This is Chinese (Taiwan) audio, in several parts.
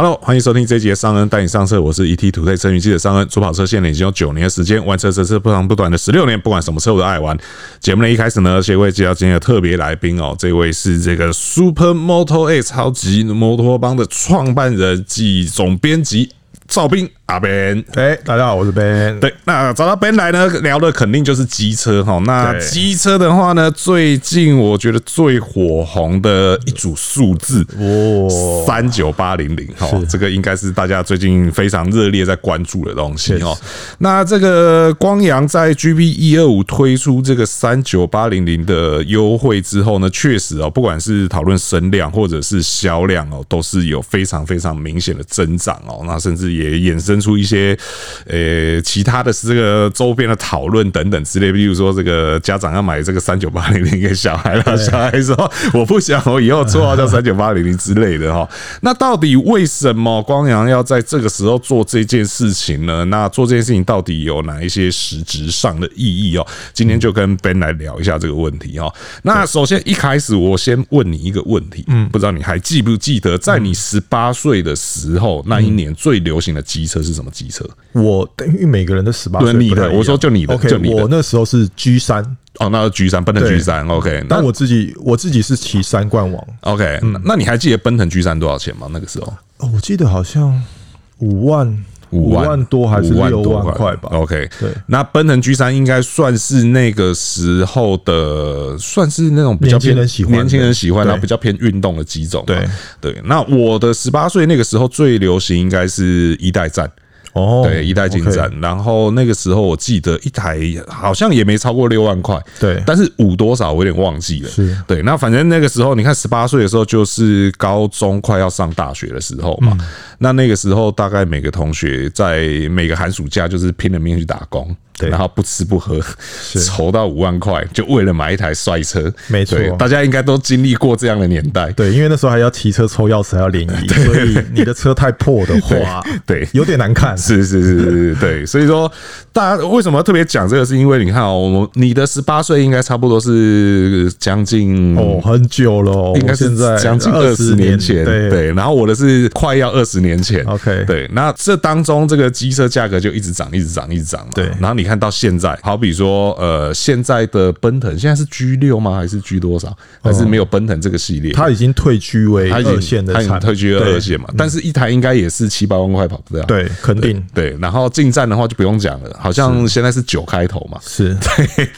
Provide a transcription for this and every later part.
哈嘍，歡迎收聽這集尚恩帶你上車，我是 ETtoday 車雲記者尚恩，出跑車線已經有九年的時間玩車，車車不長不短的十六年，不管什麼車我都愛玩。節目的一開始呢，先會介紹今天的特別來賓哦，這位是這個 Supermoto8 超級摩托幫的創辦人及總編輯趙斌。阿 Ben，哎、欸，大家好，我是 Ben。對，那找到 Ben 來呢，聊的肯定就是機車哈。那機車的話呢，最近我覺得最火紅的一組數字00，哦，三九八零零哈，這個應該是大家最近非常熱烈在關注的東西哦。那這個光陽在 GP 一二五推出這個三九八零零的優惠之後呢，確實哦，不管是討論聲量或者是銷量哦，都是有非常非常明顯的增長哦。那甚至也衍生。出一些，呃、欸，其他的這個週邊的討論等等之類，比如說這個家長要買這個三九八零零給小孩了，小孩說我不想我以後綽號叫三九八零零之類的哈、啊。那到底為什麼光陽要在這個時候做這件事情呢？那做這件事情到底有哪一些實質上的意義哦？今天就跟 Ben 來聊一下這個問題哦。那首先一開始我先問你一個問題，嗯，不知道你還記不記得，在你十八歲的時候、嗯，那一年最流行的機車是？是什麼機車？我等於每個人的十八歲，對你的，我說就你的，OK 你的。我那時候是 G 三，哦，那 G 三奔騰 G 三，OK。但我自己，我自己是騎三冠王，OK、嗯。那你還記得奔騰 G 三多少錢嗎？那個時候，哦、我記得好像五萬。五萬,萬多還是六萬塊吧萬？OK，對，那奔騰 G3 應該算是那個時候的，算是那種比較偏年輕人喜歡，年輕人喜歡的比較偏運動的機種。對對，對，那我的十八歲那個時候最流行，應該是一代戰。哦，對，一代勁戰。然後那個時候我記得一台好像也沒超過六萬塊，對，但是五多少我有點忘記了，是，對，那反正那個時候，你看十八歲的時候就是高中快要上大學的時候嘛、嗯，那那個時候大概每個同學在每個寒暑假就是拼了命去打工。對，然後不吃不喝，籌到五萬塊，就為了買一台帥車。沒錯，大家應該都經歷過這樣的年代。對，因為那時候還要提車、抽鑰匙、還要聯誼，所以你的車太破的話，對，對有點難看。是是是是是，對。 所以說，大家為什麼要特別講這個是，是因為你看哦，我們你的十八歲應該差不多是將近哦很久了哦，應該是將近二十年前年。對，然後我的是快要二十年，年前。OK，對。那這當中，這個機車價格就一直漲，一直漲，一直漲。對。然後你。看到現在，好比說，呃，現在的奔騰，現在是 G 六嗎？還是 G 多少？還是沒有奔騰這個系列？哦、它已經退居為二線的產，它它退居二線嘛？但是一台應該也是七八萬塊跑不掉。對，肯定對，對。然後勁戰的話就不用講了，好像現在是九開頭嘛。是對，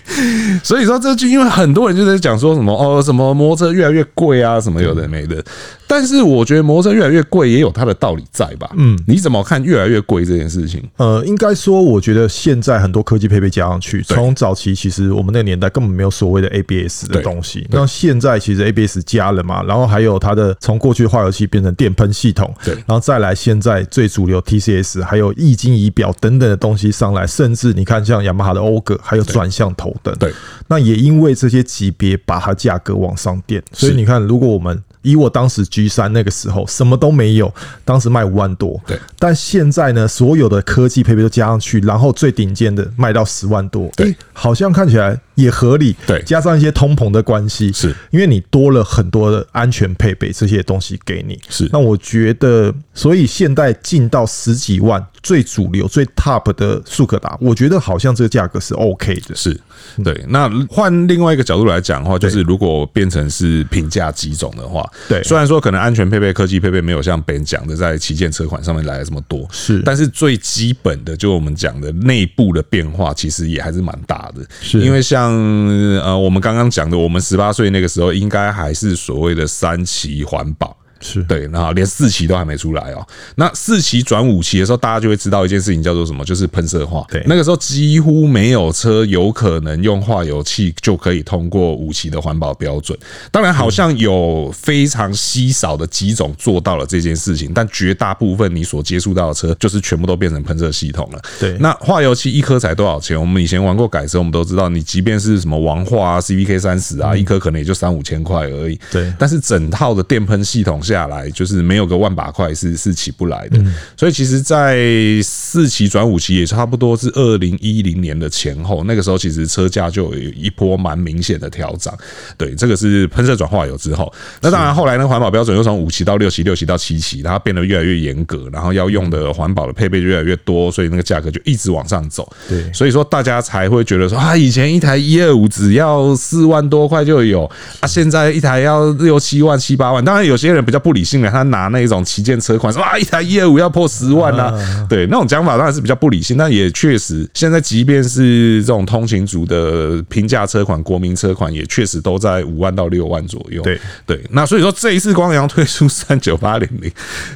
所以說這就因為很多人就在講說什麼哦，什麼摩托車越來越貴啊，什麼有的沒的。但是我覺得摩托越來越貴，也有它的道理在吧？嗯，你怎麼看越來越貴這件事情、嗯？呃，應該說，我覺得現在很多科技配備加上去，從早期其實我們那個年代根本沒有所謂的 ABS 的東西，那現在其實 ABS 加了嘛，然後還有它的從過去化油器變成電噴系統，對，然後再來現在最主流 TCS，還有液晶儀表等等的東西上來，甚至你看像雅馬哈的 OGA 還有轉向頭燈，對，那也因為這些級別把它價格往上墊，所以你看，如果我們以我當時 G3 那個時候什麼都沒有，當時賣五萬多，對。但現在呢，所有的科技配備都加上去，然後最頂尖的賣到十萬多，對、欸。好像看起來。也合理，對，加上一些通膨的關係，是因為你多了很多的安全配備這些東西給你，是。那我覺得，所以現在進到十幾萬最主流、最 top 的速克達，我覺得好像這個價格是 OK 的，是。對。那換另外一個角度來講的話，就是如果變成是平價機種的話，對。雖然說可能安全配備、科技配備沒有像 Ben 講的在旗艦車款上面來的這麼多，是。但是最基本的，就我們講的內部的變化，其實也還是蠻大的，是。因為像嗯，呃，我們剛剛講的，我們十八歲那個時候，應該還是所謂的三期環保。是，對，然後連四期都還沒出來哦。那四期轉五期的時候，大家就會知道一件事情，叫做什麼？就是噴射化。對，那個時候幾乎沒有車有可能用化油器就可以通過五期的環保標準。當然，好像有非常稀少的幾種做到了這件事情，但絕大部分你所接觸到的車就是全部都變成噴射系統了。對，那化油器一顆才多少錢？我們以前玩過改車，我們都知道，你即便是什麼王化啊、CVK 三十啊，嗯、一顆可能也就三五千塊而已。對，但是整套的電噴系統。下來就是沒有個萬把塊是是起不來的，所以其實，在四期轉五期也差不多是二零一零年的前後，那個時候其實車價就有一波蠻明顯的跳漲。對，這個是噴射轉化油之後，那當然後來呢，環保標準又從五期到六期、六期到七期，它變得越來越嚴格，然後要用的環保的配備就越來越多，所以那個價格就一直往上走。對，所以說大家才會覺得說啊，以前一台一二五只要四萬多塊就有，啊，現在一台要六七萬、七八萬。當然有些人比較。不理性的，他拿那種旗艦車款，是吧，一台一二五要破十萬吶、啊。對，那種講法當然是比較不理性，但也確實，現在即便是這種通勤族的平價車款、國民車款，也確實都在五萬到六萬左右。對對，那所以說這一次光陽推出三九八零零，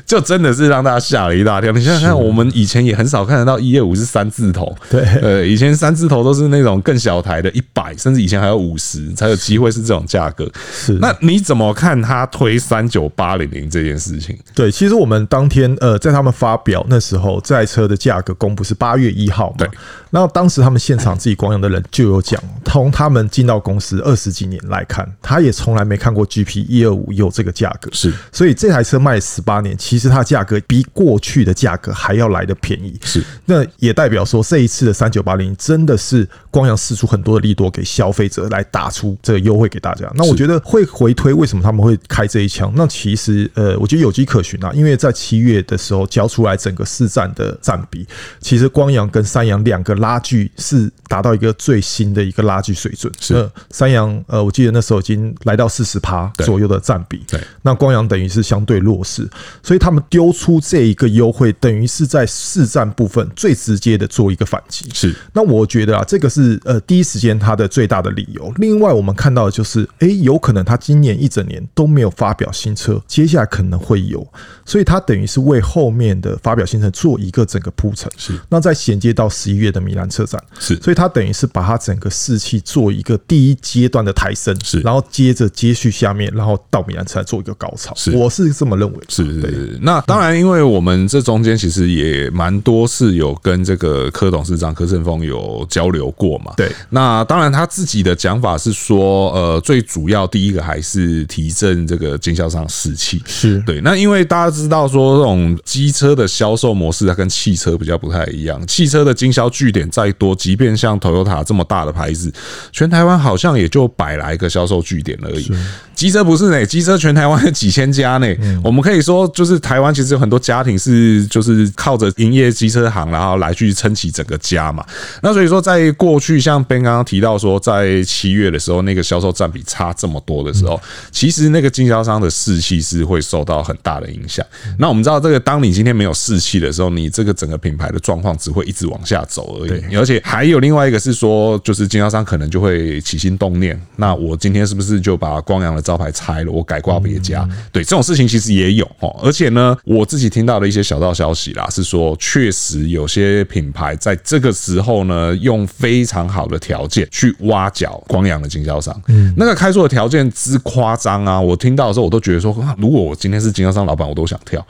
就真的是讓大家嚇了一大跳。你想想看，我們以前也很少看得到一二五是三字頭，對，呃，以前三字頭都是那種更小台的，一百甚至以前還有五十才有機會是這種價格。是，那你怎麼看他推三九八？八零零這件事情，對，其實我們當天呃，在他們發表那時候，這台車的價格公布是八月一號嘛，對。那當時他們現場自己光陽的人就有講，從他們進到公司二十幾年來看，他也從來沒看過 GP 一二五有這個價格，是。所以這台車賣十八年，其實它價格比過去的價格還要來得便宜，是。那也代表說，這一次的三九八零真的是光陽釋出很多的利多給消費者來打出這個優惠給大家。那我覺得會回推，為什麼他們會開這一槍？那其實。是呃，我覺得有跡可循啊，因為在七月的時候交出來整個市占的占比，其實光陽跟三陽兩個拉鋸是達到一個最新的一個拉鋸水準。是三陽呃，我記得那時候已經來到四十趴左右的占比。對，那光陽等於是相對弱勢，所以他們丟出這一個優惠，等於是在市占部分最直接的做一個反擊。是，那我覺得啊，這個是呃第一時間它的最大的理由。另外我們看到的就是，哎，有可能他今年一整年都沒有發表新車。接下來可能會有，所以他等於是為後面的發表行程做一個整個鋪陳。是，那再銜接到十一月的米蘭車展。是，所以他等於是把他整個士氣做一個第一階段的抬升。是，然後接着接續下面，然後到米蘭車展做一個高潮。是，我是這麼認為。是，那當然，因為我們這中間其實也蠻多次有跟這個柯董事長柯勝峯有交流過嘛。對，那當然他自己的講法是說，呃，最主要第一個還是提振這個經銷商士氣。是對，那因為大家知道說，這種機車的銷售模式，它跟汽車比較不太一樣。汽車的經銷據點再多，即便像 Toyota 這麼大的牌子，全台灣好像也就百來個銷售據點而已。機車不是呢、欸，機車全台灣有幾千家呢、欸嗯。我們可以說，就是台灣其實有很多家庭是就是靠着營業機車行，然後來去撐起整個家嘛。那所以說，在過去像 Ben 剛剛提到說，在七月的時候，那個銷售占比差這麼多的時候，嗯、其實那個經銷商的士氣。是會受到很大的影響。那我們知道，這個當你今天沒有士氣的時候，你這個整個品牌的狀況只會一直往下走而已。而且還有另外一個是說，就是經銷商可能就會起心動念，那我今天是不是就把光陽的招牌拆了，我改掛別家？對，這種事情其實也有哦。而且呢，我自己聽到的一些小道消息啦，是說確實有些品牌在這個時候呢，用非常好的條件去挖角光陽的經銷商，嗯，那個開出的條件之誇張啊，我聽到的時候我都覺得說。如果我今天是經銷商老闆，我都想跳。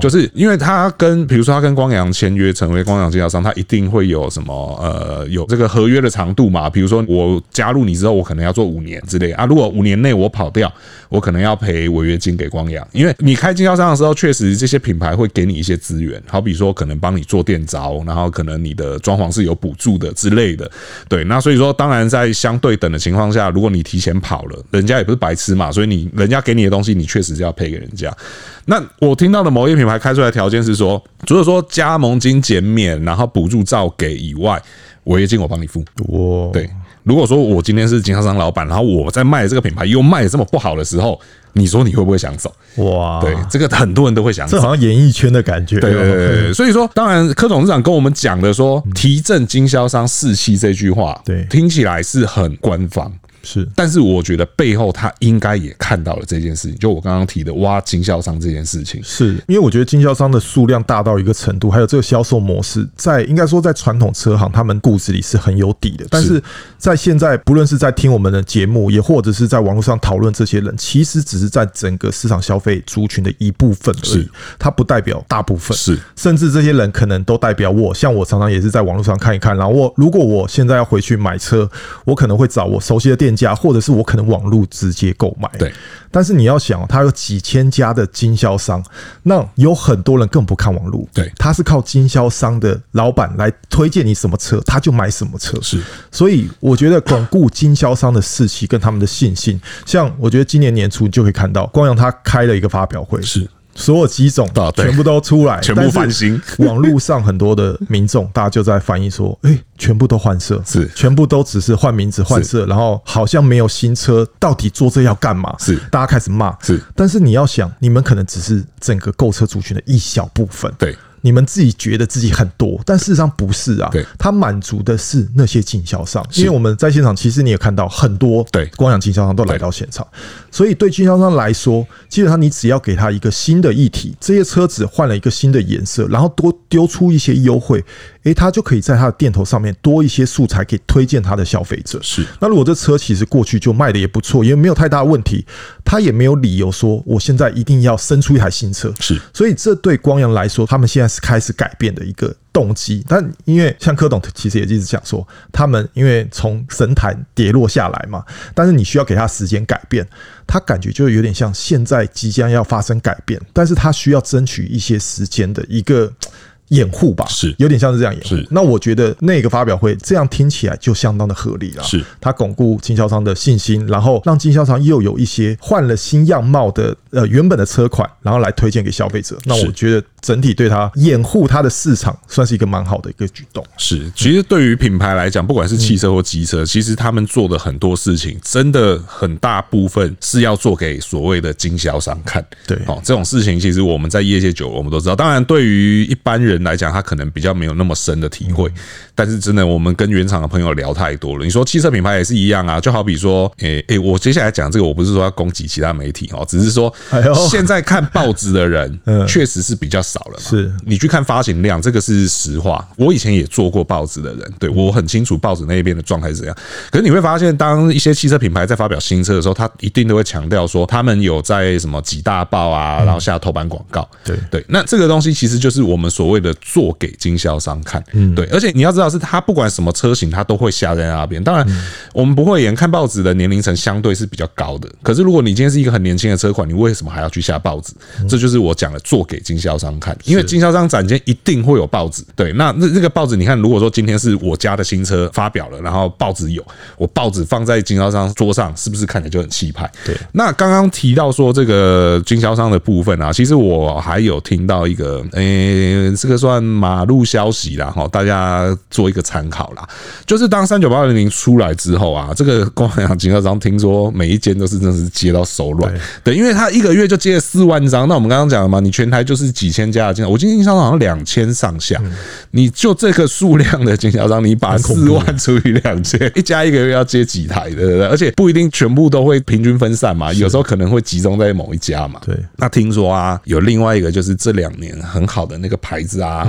就是因為他跟比如說他跟光陽簽約成為光陽經銷商，他一定會有什麼呃有這個合約的長度嘛？比如說我加入你之後，我可能要做五年之類啊。如果五年內我跑掉，我可能要賠違約金給光陽。因為你開經銷商的時候，確實這些品牌會給你一些資源，好比說可能幫你做店招，然後可能你的裝潢是有補助的之類的。對，那所以說當然在相對等的情況下，如果你提前跑了，人家也不是白痴嘛，所以你人家給你的東西，你確實這樣。要賠給人家，那我聽到的某一品牌開出來條件是說，除了說加盟金減免，然後補助照給以外，違約金我幫你付。哇，對，如果說我今天是經銷商老板，然後我在賣這個品牌又賣的這麼不好的時候，你說你會不會想走？哇，對，這個很多人都會想走。這好像演藝圈的感覺，對，對，對。所以說，當然柯董事長跟我們講的說提振經銷商士氣這句話，對，聽起來是很官方。是，但是我覺得背後他應該也看到了這件事情。就我剛剛提的挖經銷商這件事情，是因為我覺得經銷商的數量大到一個程度，還有這個銷售模式，在應該說在傳統車行他們故事裡是很有底的。但是在現在，不論是在聽我們的節目，也或者是在網絡上討論這些人，其實只是在整個市場消費族群的一部分而已，他不代表大部分。是，甚至這些人可能都代表我。像我常常也是在網絡上看一看，然後我如果我現在要回去買車，我可能會找我熟悉的店，家或者是我可能網絡直接購買，對，但是你要想，他有幾千家的經銷商，那有很多人更不看網路，對，他是靠經銷商的老闆來推薦你什麼車，他就買什麼車，是，所以我覺得鞏固經銷商的士氣跟他們的信心，像我覺得今年年初你就會看到光陽他開了一個發表會，是。所有機種全部都出來，全部翻新。網絡上很多的民眾，大家就在反映說：“哎，全部都換色，是全部都只是換名字、換色，然後好像沒有新車，到底做這要幹嘛？”是，大家開始罵。是，但是你要想，你們可能只是整個購車族群的一小部分。對。你們自己覺得自己很多，但事實上不是啊。他滿足的是那些經銷商，因為我們在現場，其實你也看到很多對光陽經銷商都來到現場，所以對經銷商來說，基本上你只要給他一個新的議題，這些車子換了一個新的顏色，然後多丟出一些優惠。誒、欸，他就可以在他的店頭上面多一些素材可以推薦他的消費者。是，那如果這車其實過去就賣得也不錯，因為沒有太大的問題，他也沒有理由說我現在一定要生出一台新車。是，所以這對光陽來說，他們現在是開始改變的一個動機。但因為像柯董其實也一直講說，他們因為從神壇跌落下來嘛，但是你需要給他時間改變，他感覺就有點像現在即將要發生改變，但是他需要爭取一些時間的一個。掩護吧，是有點像是這樣掩護。那我覺得那個發表會這樣聽起來就相當的合理啦。是它鞏固經銷商的信心，然後讓經銷商又有一些換了新樣貌的呃原本的車款，然後來推薦給消費者。那我覺得。整體對它掩護它的市場，算是一個蠻好的一個舉動。是，其實對於品牌來講，不管是汽車或機車，其實他們做的很多事情，真的很大部分是要做給所謂的經銷商看。對，哦，這種事情其實我們在業界久了，我們都知道。當然，對於一般人來講，他可能比較沒有那麼深的體會。嗯、但是，真的，我們跟原廠的朋友聊太多了。你說汽車品牌也是一樣啊，就好比說，誒、欸、誒、欸，我接下來講這個，我不是說要攻擊其他媒體哦，只是說，哎、現在看報紙的人，確、 嗯、實是比較。少了嘛，是你去看發行量，這個是實話。我以前也做過報紙的人，對我很清楚報紙那邊的狀態是怎樣。可是你會發現，當一些汽車品牌在發表新車的時候，他一定都會強調說他們有在什麼幾大報啊，然後下頭版廣告。對對，那這個東西其實就是我們所謂的做給經銷商看。嗯，對。而且你要知道，是他不管什麼車型，他都會下在那邊。當然，我們不會眼看報紙的年齡層相對是比較高的。可是如果你今天是一個很年輕的車款，你為什麼還要去下報紙？這就是我講的做給經銷商。看，因為經銷商展間一定會有報紙，對，那那那個報紙，你看，如果說今天是我家的新車發表了，然後報紙有，我報紙放在經銷商桌上，是不是看起來就很氣派？對。那剛剛提到說這個經銷商的部分啊，其實我還有聽到一個，誒，這個算馬路消息啦，哈，大家做一個參考啦。就是當三九八零零出來之後啊，這個光陽經銷商聽說每一間都是真的是接到手軟，對，因為他一個月就接了四萬張，那我們剛剛講了嘛，你全台就是幾千。我今天經銷商好像兩千上下，你就這個數量的經銷商，你把四萬除以兩千，一家一個月要接幾台，對不對？而且不一定全部都會平均分散嘛，有時候可能會集中在某一家嘛。對，那聽說啊，有另外一個就是這兩年很好的那個牌子啊。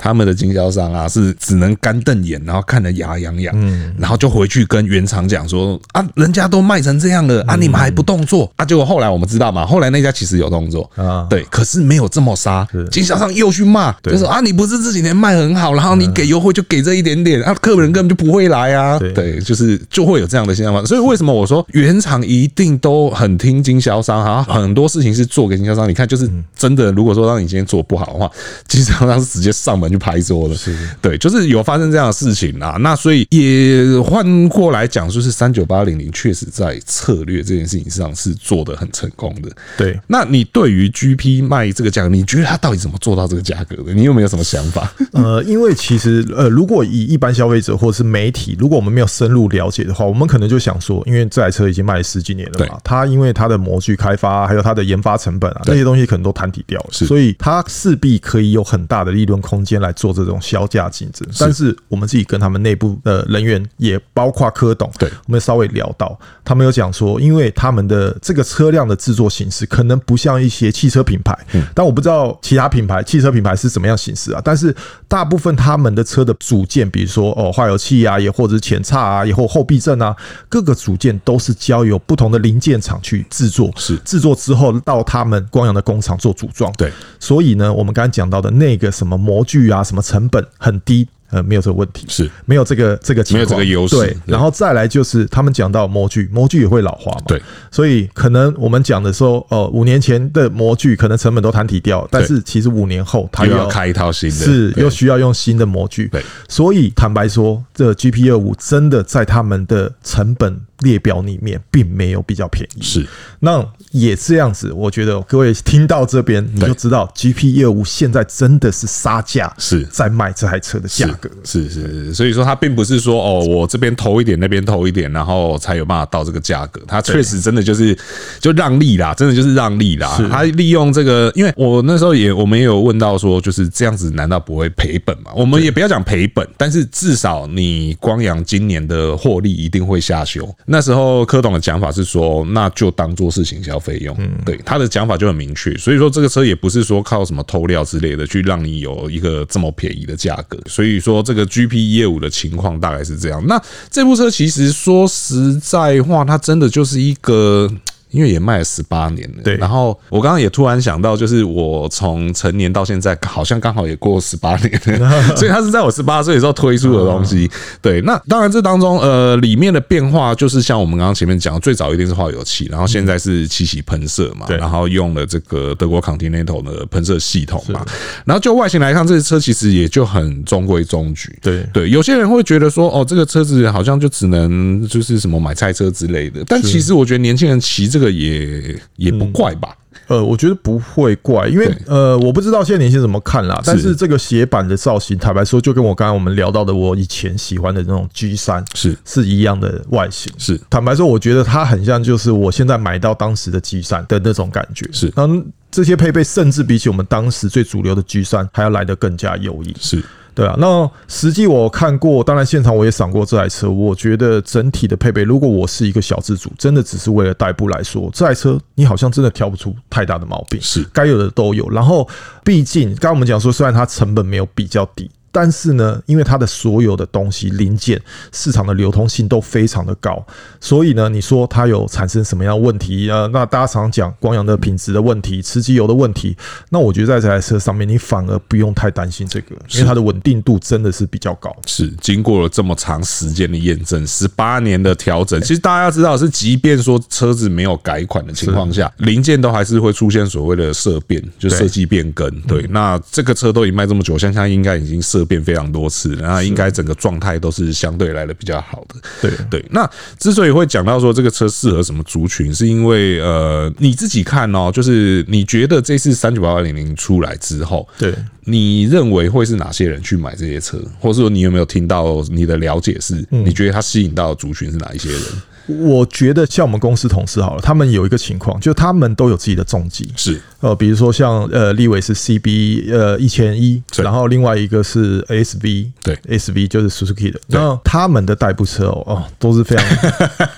他們的經銷商啊，是只能乾瞪眼，然後看得牙癢癢，然後就回去跟原廠講說啊，人家都賣成這樣了，啊，你們還不動作？啊，結果後來我們知道嘛，後來那家其實有動作啊，對，可是沒有這麼殺。經銷商又去罵，就說啊，你不是這幾年賣很好，然後你給優惠就給這一點點，啊，客人根本就不會來啊，對，就是就會有這樣的現象嘛。所以為什麼我說原廠一定都很聽經銷商啊，很多事情是做給經銷商。你看，就是真的，如果說讓你今天做不好的話，經銷商是直接上門。就拍桌了，是不是，對，就是有發生這樣的事情啊。那所以也換過來講，就是三九八零零確實在策略這件事情上是做得很成功的。對，那你對於 GP 賣這個價格，你覺得它到底怎麼做到這個價格的？你有沒有什麼想法？呃，因為其實呃，如果以一般消費者或者是媒體，如果我們沒有深入了解的話，我們可能就想說，因為這台車已經賣了十幾年了嘛，它因為它的模具開發還有它的研發成本啊，這些東西可能都攤提掉了，所以它勢必可以有很大的利潤空間。來做這種削價競爭，但是我們自己跟他們內部的人員，也包括柯董，對，我們稍微聊到，他們有講說，因為他們的這個車輛的制作形式，可能不像一些汽車品牌，但我不知道其他品牌汽車品牌是怎麼樣形式啊，但是大部分他們的車的組件，比如說哦，化油器啊，也或者是前叉啊，也或後避震啊，各個組件都是交由不同的零件廠去制作，是制作之後到他們光陽的工廠做組裝，對，所以呢，我們剛才講到的那個什麼模具啊。啊，什麼成本很低。呃，沒有這個問題是，沒有這個這個情況，沒有這個優勢，對，然後再來就是他們講到模具，模具也會老化嘛，對，所以可能我們講的說，哦，五年前的模具可能成本都攤提掉，但是其實五年後它又要開一套新的，是又需要用新的模具，對，所以坦白說，這 G P 二五真的在他們的成本列表裡面並沒有比較便宜，是，那也是這樣子，我覺得各位聽到這邊你就知道 G P 2 5現在真的是殺價是，在賣這台車的價格。是是是，所以說他並不是說哦，我這邊偷一點，那邊偷一點，然後才有辦法到這個價格。他確實真的就是就讓利啦，真的就是讓利啦。他利用這個，因為我那時候也我們也有問到說，就是這樣子，難道不會賠本嗎？我們也不要講賠本，但是至少你光陽今年的獲利一定會下修。那時候柯董的講法是說，那就當做是行銷費用。嗯，對他的講法就很明確，所以說這個車也不是說靠什麼偷料之類的去讓你有一個這麼便宜的價格，所以說。說這個 GP 125的情況大概是這樣。那這部車其實說實在話，它真的就是一個。因為也賣了十八年了，對。然後我剛剛也突然想到，就是我從成年到現在，好像剛好也過十八年了、啊、所以他是在我十八歲的時候推出的東西。啊、對，那當然這當中呃裡面的變化，就是像我們剛剛前面講的，最早一定是化油器，然後現在是漆洗噴射嘛，然後用了這個德國 Continental 的噴射系統嘛。然後就外形來看，這些車其實也就很中規中矩。對對，有些人會覺得說，哦，這個車子好像就只能就是什麼買菜車之類的。但其實我覺得年輕人騎這個。這個也也不怪吧、嗯，呃，我覺得不會怪，因為呃，我不知道現在年輕人怎麼看啦，但是這個斜板的造型，坦白說，就跟我剛剛我們聊到的，我以前喜歡的那種 G 三是是一樣的外形，是坦白說，我覺得它很像，就是我現在買到當時的 G 三的那種感覺，是，然後這些配備甚至比起我們當時最主流的 G 三還要來得更加優異，是。對啊，那實際我看過，當然現場我也賞過這台車。我覺得整體的配備，如果我是一個小資主，真的只是為了代步來說，這台車你好像真的挑不出太大的毛病，是該有的都有。然後，畢竟剛剛我們講說，雖然它成本沒有比較低。但是呢，因為它的所有的東西零件市場的流通性都非常的高，所以呢，你說它有產生什麼樣的問題？呃，那大家常講光陽的品質的問題、吃機油的問題，那我覺得在這台車上面，你反而不用太擔心這個，因為它的穩定度真的是比較高是。是經過了這麼長時間的驗證，十八年的調整，其實大家知道是，即便說車子沒有改款的情況下，零件都還是會出現所謂的設變，就設計變更對。對，那這個車都已經賣這麼久，像現在應該已經設。變非常多次，然後應該整個狀態都是相對來的比較好的。對對，那之所以會講到說這個車適合什麼族群，是因為呃，你自己看哦，就是你覺得這次三九八零零出來之後，對你認為會是哪些人去買這些車，或者說你有沒有聽到你的了解是，你覺得它吸引到的族群是哪一些人？我覺得像我們公司同事好了，他們有一個情況，就他們都有自己的重機是呃，比如說像呃立偉是 C B 呃一千一，然後另外一個是 S V。對 S V 就是 Suzuki 的，那他們的代步車哦哦都是非常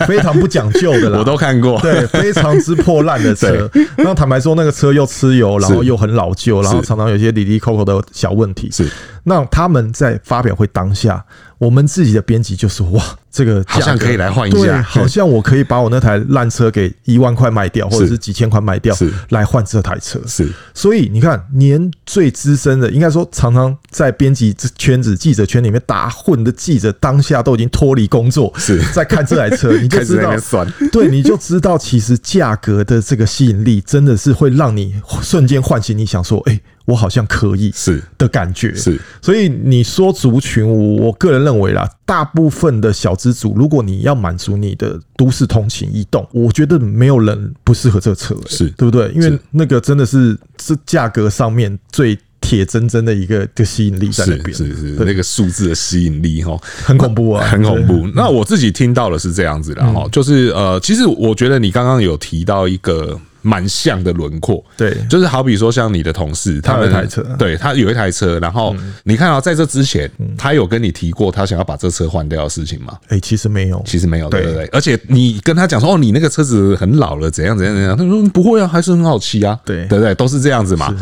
非常不講究的啦， 我都看過對非常之破爛的車。 那坦白說，那個車又吃油，然後又很老舊，然後常常有些哩哩摳摳的小問題。是那他們在發表會當下，我們自己的編輯就是：「哇。這個價格好像可以來換一台。對、嗯，好像我可以把我那台爛車給一萬塊賣掉，或者是幾千塊賣掉，來換這台車。是，所以你看，年最資深的，應該說常常在編輯圈子、記者圈裡面打混的記者，當下都已經脫離工作，是在看這台車，你就知道，對，你就知道，其實價格的這個吸引力真的是會讓你瞬間喚醒你想說，哎，我好像可以是的感覺，是。所以你說族群，我我個人認為啦，大部分的小。之主，如果你要滿足你的都市通勤移動，我覺得沒有人不適合這車、欸，是對不對？因為那個真的是是價格上面最鐵錚錚的一個的吸引力在裡邊，是是，是那個數字的吸引力哈，很恐怖啊，很恐怖。那我自己聽到的是這樣子的哈，就是呃，其實我覺得你剛剛有提到一個。蠻像的輪廓，對，就是好比說像你的同事，他，他有一台車，啊，對，他有一台車，然後你看啊，哦，在這之前，他有跟你提過他想要把這車換掉的事情嗎？欸，其實沒有，其實沒有，對，對不對？而且你跟他講說哦，你那個車子很老了，怎樣怎樣怎樣，他說不會啊，還是很好騎啊，對，對不對，對？都是這樣子嘛。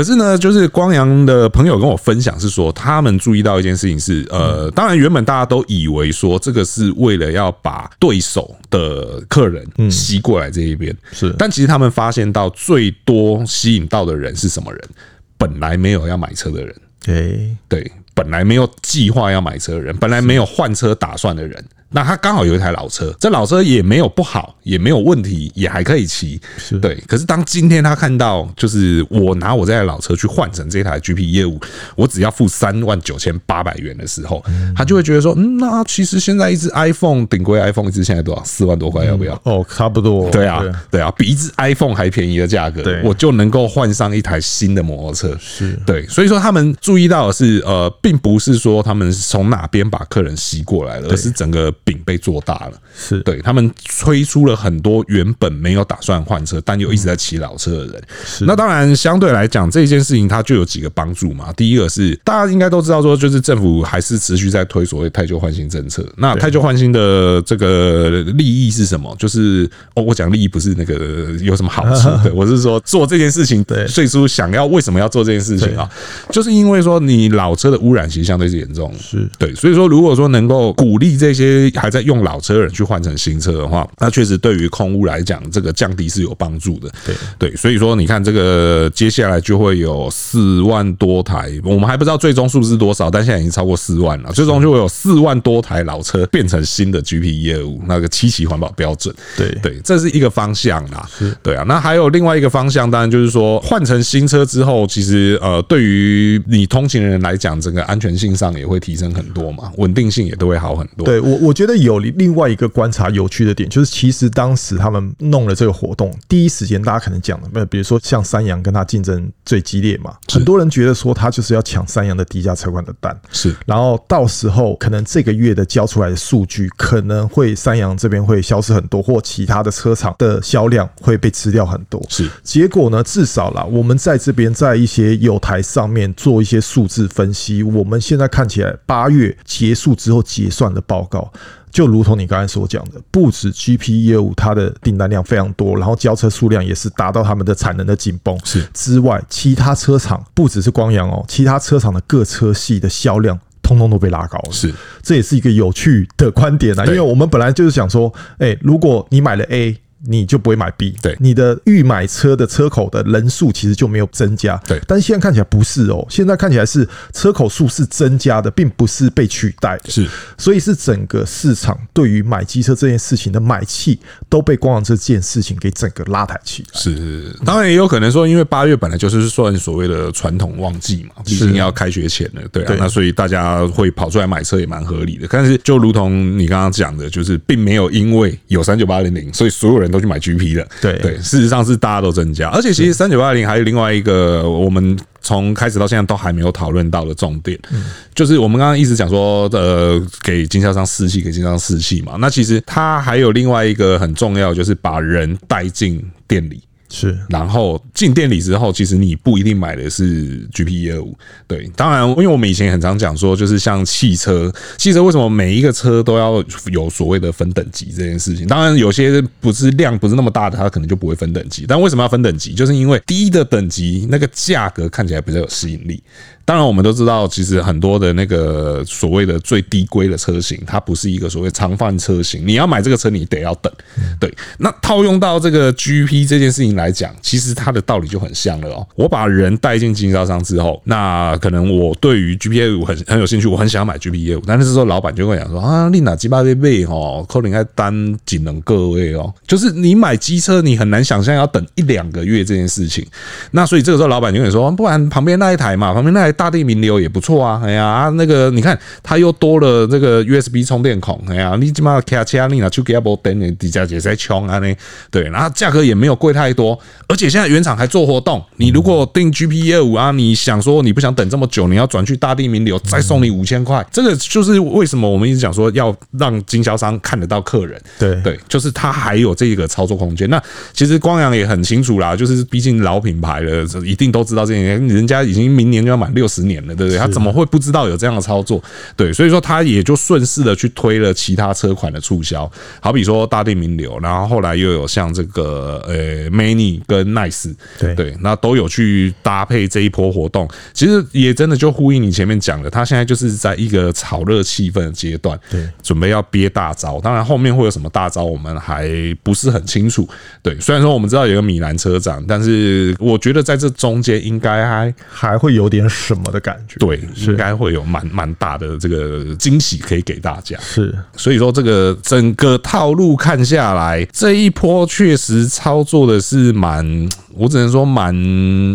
可是呢，就是光陽的朋友跟我分享是說，他們注意到一件事情是，呃，當然原本大家都以為說這個是為了要把對手的客人吸過來這一邊、嗯，是，但其實他們發現到最多吸引到的人是什麼人？本來沒有要買車的人，對、欸、對，本來沒有計劃要買車的人，本來沒有換車打算的人。那他剛好有一台老車，這老車也沒有不好，也沒有問題，也還可以騎，對。可是當今天他看到，就是我拿我這台老車去換成這台 GP125，我只要付三萬九千八百元的時候、嗯，他就會覺得說，嗯，那其實現在一隻 iPhone 頂規 iPhone 一隻，現在多少四萬多塊，要不要、嗯？哦，差不多。對啊，對啊，對對啊，比一隻 iPhone 還便宜的價格對，我就能夠換上一台新的摩托車。是對，所以說他們注意到的是，呃，並不是說他們是從哪邊把客人吸過來了，而是整個。餅被做大了。是，對他們催出了很多原本沒有打算換車，但又一直在騎老車的人、嗯。那當然，相對來講，這件事情它就有幾個幫助嘛。第一個是大家應該都知道，說就是政府還是持續在推所謂“汰舊換新”政策。那“汰舊換新”的這個利益是什麼？就是哦，我講利益不是那個有什麼好處，我是說做這件事情，對，最初想要為什麼要做這件事情啊？就是因為說你老車的汙染其實相對是嚴重，是，對，所以說如果說能夠鼓勵這些。還在用老車人去換成新車的話，那確實對於空污來講，這個降低是有幫助的。對對，所以說你看，這個接下來就會有四萬多台，我們還不知道最終數字是多少，但現在已經超過四萬了。最終就會有四萬多台老車變成新的 GP125 那個七期環保標準。對對，這是一個方向啦。對啊，那還有另外一個方向，當然就是說換成新車之後，其實呃，對於你通勤的人來講，整個安全性上也會提升很多嘛，穩定性也都會好很多。對我我。我覺得覺得有另外一個觀察有趣的點，就是其實當時他們弄了這個活動，第一時間大家可能講的，那比如說像三陽跟他競爭最激烈嘛，很多人覺得說他就是要搶三陽的低價車款的單，是。然後到時候可能這個月的交出來的數據，可能會三陽這邊會消失很多，或其他的車廠的銷量會被吃掉很多。是。結果呢，至少啦，我們在這邊在一些友台上面做一些數字分析，我們現在看起來八月結束之後結算的報告。就如同你剛才所講的，不止 GP125 它的訂單量非常多，然後交車數量也是達到他們的產能的緊繃。是之外，其他車廠不只是光陽哦，其他車廠的各車系的銷量通通都被拉高了。是，這也是一個有趣的觀點啊，因為我們本來就是想說，哎，如果你買了 A。你就不會買 B，對，你的預買車的車口的人數其實就沒有增加，對，但現在看起來不是哦、喔，現在看起來是車口數是增加的，並不是被取代的，是，所以是整個市場對於買機車這件事情的買氣都被光陽車這件事情給整個拉抬起來，是是是，當然也有可能說，因為八月本來就是算所謂的傳統旺季嘛，畢竟要開學前了，對啊，那所以大家會跑出來買車也蠻合理的，但是就如同你剛剛講的，就是並沒有因為有三九八零零，所以所有人。都去買 GP 的，對對，事實上是大家都增加，而且其實三九八零還有另外一個，我們從開始到現在都還沒有討論到的重點，嗯、就是我們剛剛一直講說，呃，給經銷商士氣，給經銷商士氣嘛，那其實它還有另外一個很重要，就是把人帶進店裡。是，然後進店裡之後，其實你不一定買的是 GP125。對，當然，因為我們以前很常講說，就是像汽車，汽車為什麼每一個車都要有所謂的分等級這件事情？當然，有些不是量不是那麼大的，它可能就不會分等級。但為什麼要分等級？就是因為低的等級那個價格看起來比較有吸引力。當然，我們都知道，其實很多的那個所謂的最低規的車型，它不是一個所謂常販車型。你要買這個車，你得要等，嗯。對，那套用到這個 GP 這件事情來講，其實它的道理就很像了哦。我把人帶進經銷商之後，那可能我對於 GP125 很很有興趣，我很想買 GP125，但是這時候老闆就會講說啊，麗娜雞巴貝貝哈，科應該單僅能各位哦，就是你買機車，你很難想象要等一兩個月這件事情。那所以這個時候老闆就會說，不然旁邊那一台嘛，旁邊那一台。大地名流也不錯啊，哎呀，那個你看，他又多了這個 USB 充電孔，哎呀，你起他媽開下你拿去給阿伯等，底下也是在沖啊嘞，對，然後價格也沒有貴太多，而且現在原廠還做活動，你如果訂 GPE 二五啊，你想說你不想等這麼久，你要轉去大地名流再送你五千塊，這個就是為什麼我們一直講說要讓經銷商看得到客人，對對，就是他還有這個操作空間。那其實光陽也很清楚啦，就是畢竟老品牌了，這一定都知道這些，人家已經明年就要滿六十年了，對不對？他怎麼會不知道有這樣的操作？對，所以說他也就順勢的去推了其他車款的促銷，好比說大地名流，然後後來又有像這個呃、欸、Many 跟 Nice，對對，那都有去搭配這一波活動。其實也真的就呼應你前面講的，他現在就是在一個炒熱氣氛的階段，對，準備要憋大招。當然後面會有什麼大招，我們還不是很清楚。對，雖然說我們知道有個米蘭車展，但是我覺得在這中間應該還還會有點。什麼的感覺？對，應該會有蠻蠻大的這個驚喜可以給大家。是，所以說這個整個套路看下來，這一波確實操作的是蠻，我只能說蠻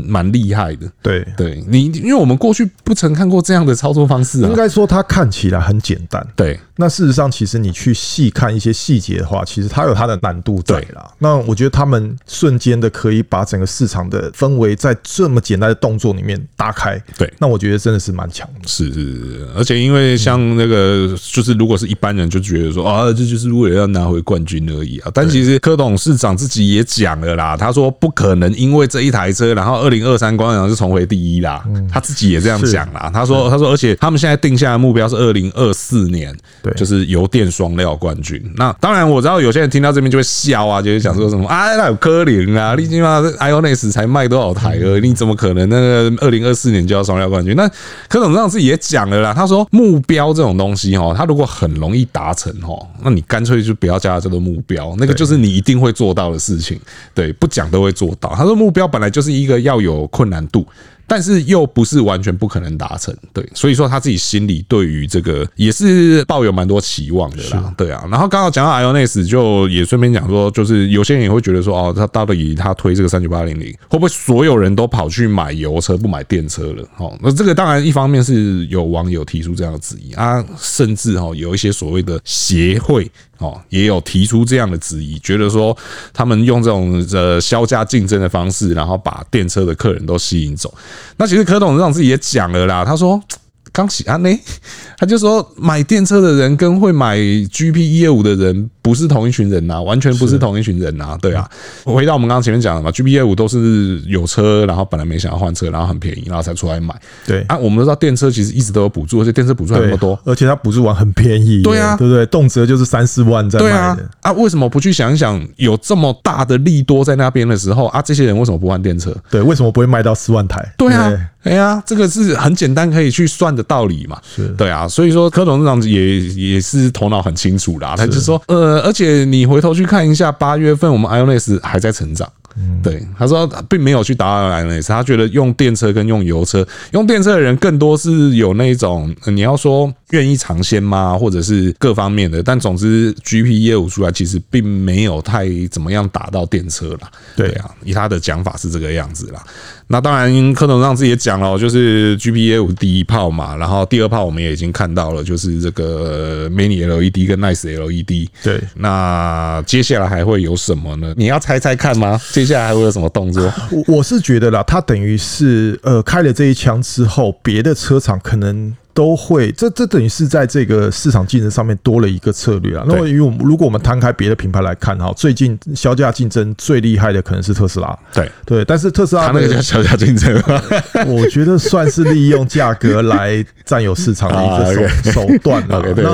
蠻厲害的。對，對你，因為我們過去不曾看過這樣的操作方式啊。應該說它看起來很簡單。對，那事實上其實你去細看一些細節的話，其實它有它的難度。對啦，那我覺得他們瞬間的可以把整個市場的氛圍在這麼簡單的動作裡面打開。那我覺得真的是蠻強，是是是，而且因為像那個，就是如果是一般人就覺得說啊，這就是為了要拿回冠軍而已啊。但其實柯董事長自己也講了啦，他說不可能，因為這一台車，然後二零二三光陽就重回第一啦。他自己也這樣講啦，他說他說，而且他們現在定下的目標是二零二四年，對，就是油電雙料冠軍。那當然我知道有些人聽到這邊就會笑啊，就會講說什麼啊，那有柯林啊，你竟嘛這 IONIS 才賣多少台而已，你怎麼可能那個二零二四年就要雙？冠軍，那柯總上次也講了啦。他說，目標這種東西，哦，他如果很容易達成，哦，那你乾脆就不要加這個目標，那個就是你一定會做到的事情。對，不講都會做到。他說，目標本來就是一個要有困難度。但是又不是完全不可能達成，對，所以說他自己心裡對於這個也是抱有蠻多期望的啦，對啊。然後剛好講到 Ionex 就也順便講說，就是有些人也會覺得說，哦，他到底他推這個39800，會不會所有人都跑去買油車不買電車了？哦，那這個當然一方面是有網友提出這樣的質疑啊，甚至哦有一些所謂的協會。哦，也有提出這樣的質疑，覺得說他們用這種呃削價競爭的方式，然後把電車的客人都吸引走。那其實柯董事長自己也講了啦，他說剛洗安呢。他就是、說買電車的人跟會買 G P 一二五的人不是同一群人吶、啊，完全不是同一群人吶、啊，對啊。回到我們剛剛前面講的嘛，G P 一二五都是有車，然後本來沒想要換車，然後很便宜，然後才出來買。對啊，我們都知道電車其實一直都有補助，而且電車補助還那麼多，而且它補助完很便宜。對啊，對不對？動輒就是三四萬在賣的啊，啊。為什麼不去想一想有這麼大的利多在那邊的時候啊？這些人為什麼不換電車？對，為什麼不會賣到四萬台？對啊，哎呀，這個是很簡單可以去算的道理嘛。是，對啊。所以說，柯董事長也也是頭腦很清楚啦。他就說，呃，而且你回頭去看一下，八月份我們 Ionex 還在成長。嗯、對，他說他並沒有去打壓 Ionex 他覺得用電車跟用油車，用電車的人更多是有那種，呃、你要說。願意嚐鮮嗎？或者是各方面的？但總之，GP125 出來其實並沒有太怎麼樣打到電車啦。對啊，以他的講法是這個樣子啦。那當然，柯董上次也講了，就是 GP125 第一炮嘛。然後第二炮我們也已經看到了，就是這個 Mini L E D 跟 Nice L E D。對，那接下來還會有什麼呢？你要猜猜看嗎？接下來還會有什麼動作？啊、我我是覺得啦，他等於是呃開了這一槍之後，別的車廠可能。都會，這這等於是在這個市場競爭上面多了一個策略啊。那因為我們如果我們攤開別的品牌來看哈，最近削價競爭最厲害的可能是特斯拉。對對，但是特斯拉那個叫削價競爭，我覺得算是利用價格來占有市場的一個手手段了。對。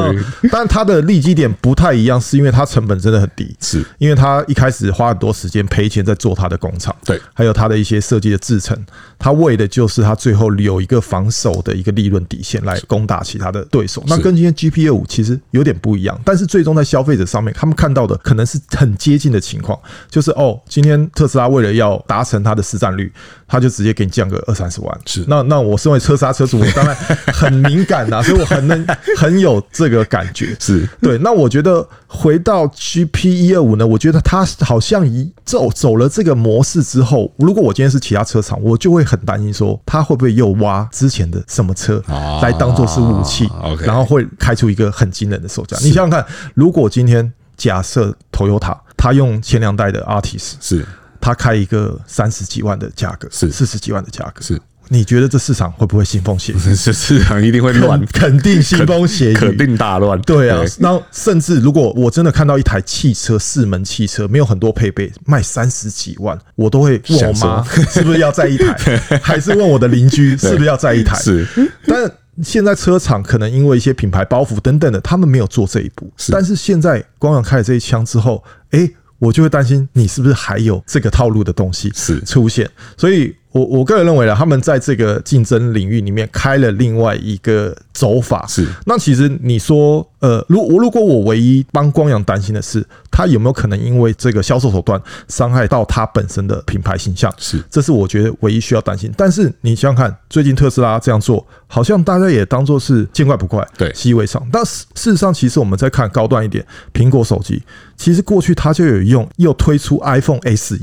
但它的利基點不太一樣，是因為它成本真的很低，是因為它一開始花很多時間賠錢在做它的工廠，對，還有它的一些設計的製程，它為的就是它最後有一個防守的一個利潤底線來。來攻打其他的對手，那跟今天 G P 二五其實有點不一樣，但是最終在消費者上面，他們看到的可能是很接近的情況，就是哦，今天特斯拉為了要達成它的市占率，他就直接給你降個二三十萬。是，那那我身為特斯拉車主，我當然很敏感吶、啊，所以我很能很有這個感覺。是對，那我覺得回到 G P 一二五呢，我覺得它好像一走走了這個模式之後，如果我今天是其他車廠，我就會很擔心說，它會不會又挖之前的什麼車來。當做是武器，然後會開出一個很驚人的售價。你想想看，如果今天假設 Toyota 他用前兩代的 Altis，是他開一個三十幾萬的價格，是四十幾萬的價格，是？你覺得這市場會不會腥風血雨？是這市場一定會亂，肯定腥風血雨，肯定大亂。對啊，那甚至如果我真的看到一台汽車，四門汽車沒有很多配備，賣三十幾萬，我都會問我媽是不是要再一台？還是問我的鄰居是不是要再一台？是，但。現在車廠可能因為一些品牌包袱等等的，他們沒有做這一步。但是現在光陽開了這一槍之後，欸，我就會擔心你是不是還有這個套路的東西是出現？所以，我我個人認為呢，他們在這個競爭領域裡面開了另外一個走法。是，那其實你說，呃，如我如果我唯一幫光陽擔心的是，他有沒有可能因為這個銷售手段傷害到他本身的品牌形象？是，這是我覺得唯一需要擔心。但是你想想看，最近特斯拉這樣做。好像大家也當作是見怪不怪，對，習以為常。但事實上，其實我們在看高端一點，蘋果手機，其實過去它就有用，又推出 iPhone SE。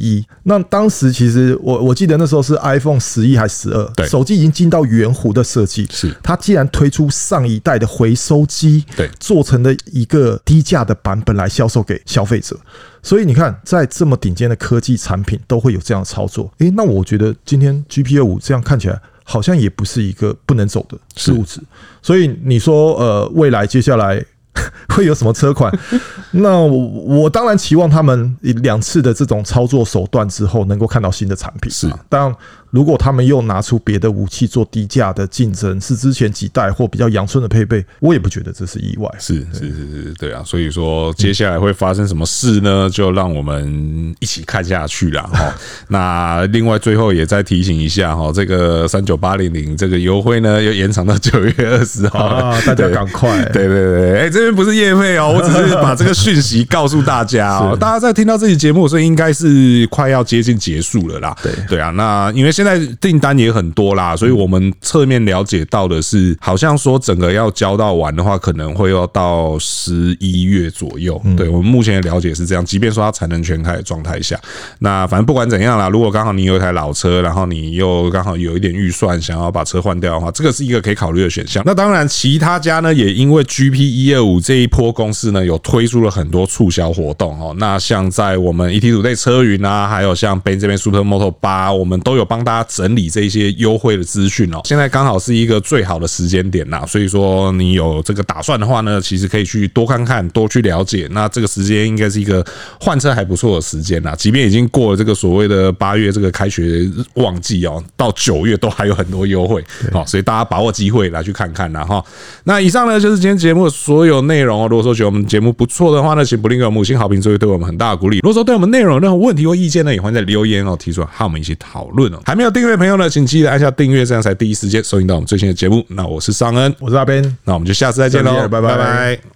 那當時其實我我記得那時候是 iPhone 十一還是十二，對，手機已經進到圓弧的設計。是，它既然推出上一代的回收機，對，做成了一個低價的版本來銷售給消費者。所以你看，在這麼頂尖的科技產品都會有這樣的操作、欸。誒那我覺得今天 G P U 五這樣看起來。好像也不是一個不能走的數字，所以你說呃，未來接下來會有什麼車款？ 那我當然期望他們兩次的這種操作手段之後，能夠看到新的產品。是，當然。如果他們又拿出別的武器做低價的競爭，是之前幾代或比較陽春的配備，我也不覺得這是意外。是是是是，對啊。所以說，接下來會發生什麼事呢？嗯、就讓我們一起看下去了哈。哦、 那另外最後也再提醒一下哈、哦，這個三九八零零這個優惠呢，又延長到九月二十號、啊，大家趕快對。對對對，哎、欸，這邊不是業配哦， 我只是把這個訊息告訴大家哦。 大家在聽到這期節目，所以應該是快要接近結束了啦。對對啊，那因為。現在訂單也很多啦，所以我們側面了解到的是，好像說整個要交到完的話，可能會要到十一月左右。嗯、對我們目前的了解是這樣。即便說它產能全開的狀態下，那反正不管怎樣啦，如果剛好你有一台老車，然後你又剛好有一點預算，想要把車換掉的話，這個是一個可以考慮的選項。那當然，其他家呢也因為 G P 一二五這一波公司呢，有推出了很多促銷活動哦、喔。那像在我們 ET 組內車雲啊，還有像 Ben 這邊 Super Moto 八，我們都有幫。大家整理這些優惠的資訊哦，現在剛好是一個最好的時間點吶，所以說你有這個打算的話呢，其實可以去多看看，多去了解。那這個時間應該是一個換車還不錯的時間啦，即便已經過了這個所謂的八月這個開學旺季哦，到九月都還有很多優惠哦，所以大家把握機會來去看看啦。哈。那以上呢就是今天節目的所有內容哦。如果說覺得我們節目不錯的話呢，請不吝給我們五星好評，作為對我們很大的鼓勵。如果說對我們內容有任何問題或意見呢，也歡迎在留言哦提出來，和我們一起討論哦。沒有訂閱的朋友呢，請記得按下訂閱，這樣才第一時間收聽到我們最新的節目。那我是尚恩，我是阿 Ben，那我們就下次再見嘍，拜拜拜，拜。